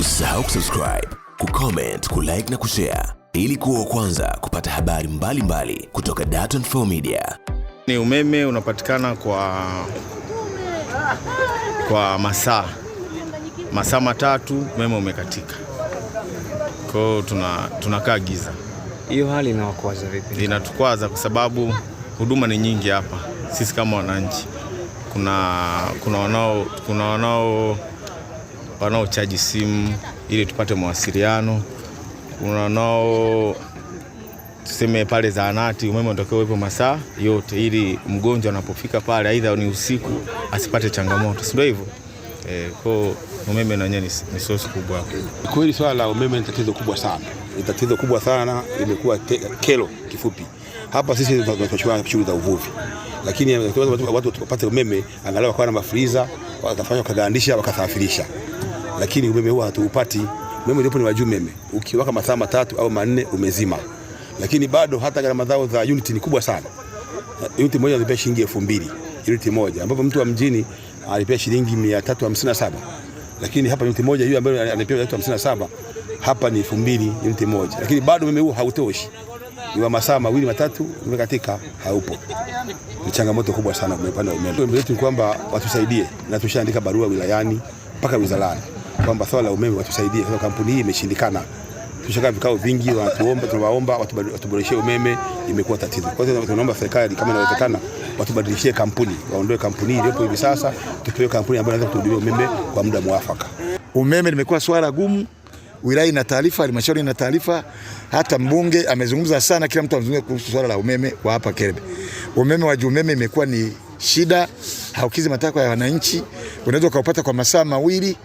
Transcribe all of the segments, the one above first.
Usisahau kusubscribe, kucomment, kulike na kushare ili kuwa kwanza kupata habari mbalimbali mbali kutoka Dar24 Media. Ni umeme unapatikana kwa, kwa masaa masaa matatu umeme umekatika, kwa hiyo tuna, tunakaa giza. Hiyo hali inawakwaza vipi? Inatukwaza kwa sababu huduma ni nyingi hapa. Sisi kama wananchi kuna, kuna wanao, kuna wanao wanaochaji simu ili tupate mawasiliano, kuna nao tuseme pale zahanati, umeme unatakiwa uwepo masaa yote, ili mgonjwa anapofika pale, aidha ni usiku, asipate changamoto, si ndio hivyo? Eh, kwa umeme na nyenye ni sosi kubwa. Kweli swala la umeme ni tatizo kubwa sana, ni tatizo kubwa sana, imekuwa kero. Kifupi hapa sisi tunachukua shughuli za uvuvi, lakini eh, watu wapate umeme angalau kwa na mafriza watafanya wakagandisha wakasafirisha lakini umeme huwa hatuupati. Umeme uliopo ni wa juu. Umeme ukiwaka masaa matatu au manne umezima, lakini bado hata gharama zao za unit ni kubwa sana. Uh, unit moja unalipia shilingi elfu mbili unit moja, ambapo mtu wa mjini alipia shilingi mia tatu hamsini na saba lakini hapa unit moja hiyo ambayo anapewa mia hamsini na saba hapa ni elfu mbili unit moja, lakini bado umeme huo hautoshi wa masaa mawili matatu umekatika, haupo. Ni changamoto kubwa sana kwa upande wa umeme wetu, ni kwamba watusaidie, na tushaandika barua wilayani mpaka wizarani kwamba swala la umeme watusaidie, kwa kampuni hii imeshindikana. Tumeshakaa vikao vingi, wanatuomba, tunawaomba watuboreshe umeme, imekuwa tatizo. Kwa hiyo tunaomba serikali kama inawezekana, watubadilishie kampuni, waondoe kampuni iliyopo hivi sasa, tupewe kampuni ambayo inaweza kutuhudumia umeme kwa muda mwafaka. Umeme limekuwa swala gumu wilaya ina taarifa, halmashauri ina taarifa, hata mbunge amezungumza sana, kila mtu amezungumza kuhusu swala la umeme kwa hapa Kerebe. Umeme wa juu, umeme imekuwa ni shida, haukizi matakwa ya wananchi. Unaweza ukaupata kwa masaa mawili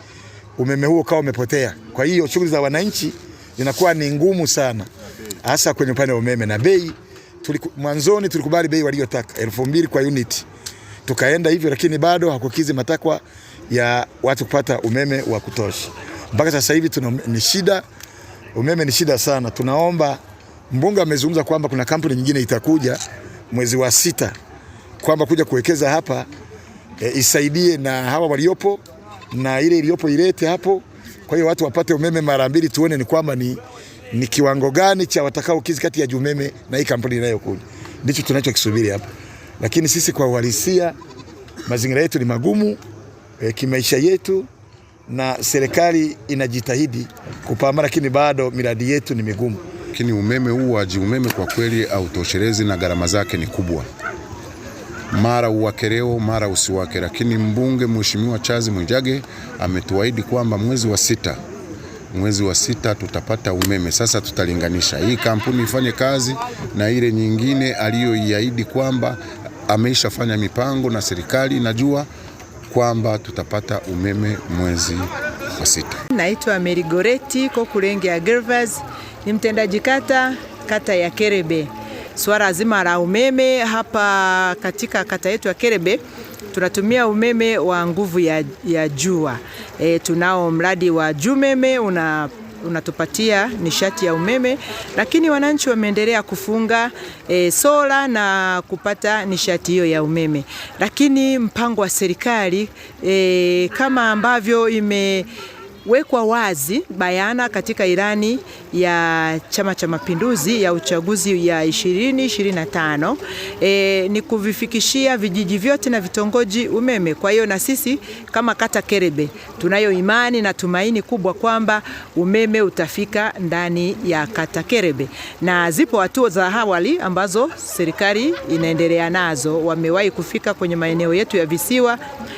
umeme huo ukawa umepotea. Kwa hiyo shughuli za wananchi zinakuwa ni ngumu sana, hasa kwenye upande wa umeme na bei. Tuliku, mwanzoni tulikubali bei waliyotaka 2000 kwa unit, tukaenda hivyo, lakini bado hakukizi matakwa ya watu kupata umeme wa kutosha. Mpaka sasa hivi tuna ni shida, umeme ni shida sana. Tunaomba mbunge amezungumza kwamba kuna kampuni nyingine itakuja mwezi wa sita kwamba kuja kuwekeza hapa e, isaidie na hawa waliopo na ile iliyopo ilete hapo. Kwa hiyo watu wapate umeme mara mbili, tuone ni kwamba ni, ni kiwango gani cha watakao kizi kati ya Jumeme na hii kampuni inayokuja, ndicho tunachokisubiri hapa. Lakini sisi kwa uhalisia mazingira yetu ni magumu e, kimaisha yetu na serikali inajitahidi kupambana, lakini bado miradi yetu ni migumu. Lakini umeme huu wa umeme kwa kweli hautoshelezi na gharama zake ni kubwa mara uwakereo mara usiwake, lakini mbunge Mheshimiwa Charles Mwijage ametuahidi kwamba mwezi wa sita mwezi wa sita tutapata umeme. Sasa tutalinganisha hii kampuni ifanye kazi na ile nyingine aliyoiahidi kwamba ameishafanya mipango na serikali najua kwamba tutapata umeme mwezi wa sita. Naitwa Merigoreti ya Gervas, ni mtendaji kata kata ya Kerebe swala zima la umeme hapa katika kata yetu ya Kerebe tunatumia umeme wa nguvu ya, ya jua e, tunao mradi wa Jumeme una unatupatia nishati ya umeme, lakini wananchi wameendelea kufunga e, sola na kupata nishati hiyo ya umeme. Lakini mpango wa serikali e, kama ambavyo ime wekwa wazi bayana katika ilani ya Chama cha Mapinduzi ya uchaguzi ya 2025 e, ni kuvifikishia vijiji vyote na vitongoji umeme. Kwa hiyo na sisi kama kata Kerebe tunayo imani na tumaini kubwa kwamba umeme utafika ndani ya kata Kerebe, na zipo hatua za awali ambazo serikali inaendelea nazo. Wamewahi kufika kwenye maeneo yetu ya visiwa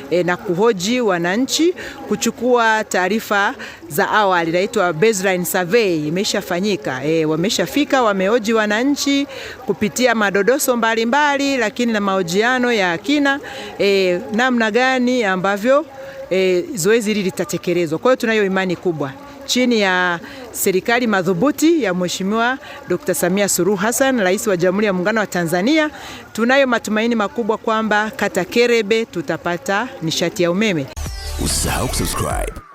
e, na kuhoji wananchi, kuchukua taarifa taarifa za awali inaitwa baseline survey imeshafanyika. E, wameshafika wameoji wananchi kupitia madodoso mbalimbali mbali, lakini na mahojiano ya kina e, namna gani ambavyo e, zoezi hili litatekelezwa. Kwa hiyo tunayo imani kubwa chini ya serikali madhubuti ya Mheshimiwa Dr. Samia Suluhu Hassan, Rais wa Jamhuri ya Muungano wa Tanzania, tunayo matumaini makubwa kwamba kata Kerebe tutapata nishati ya umeme. Usisahau kusubscribe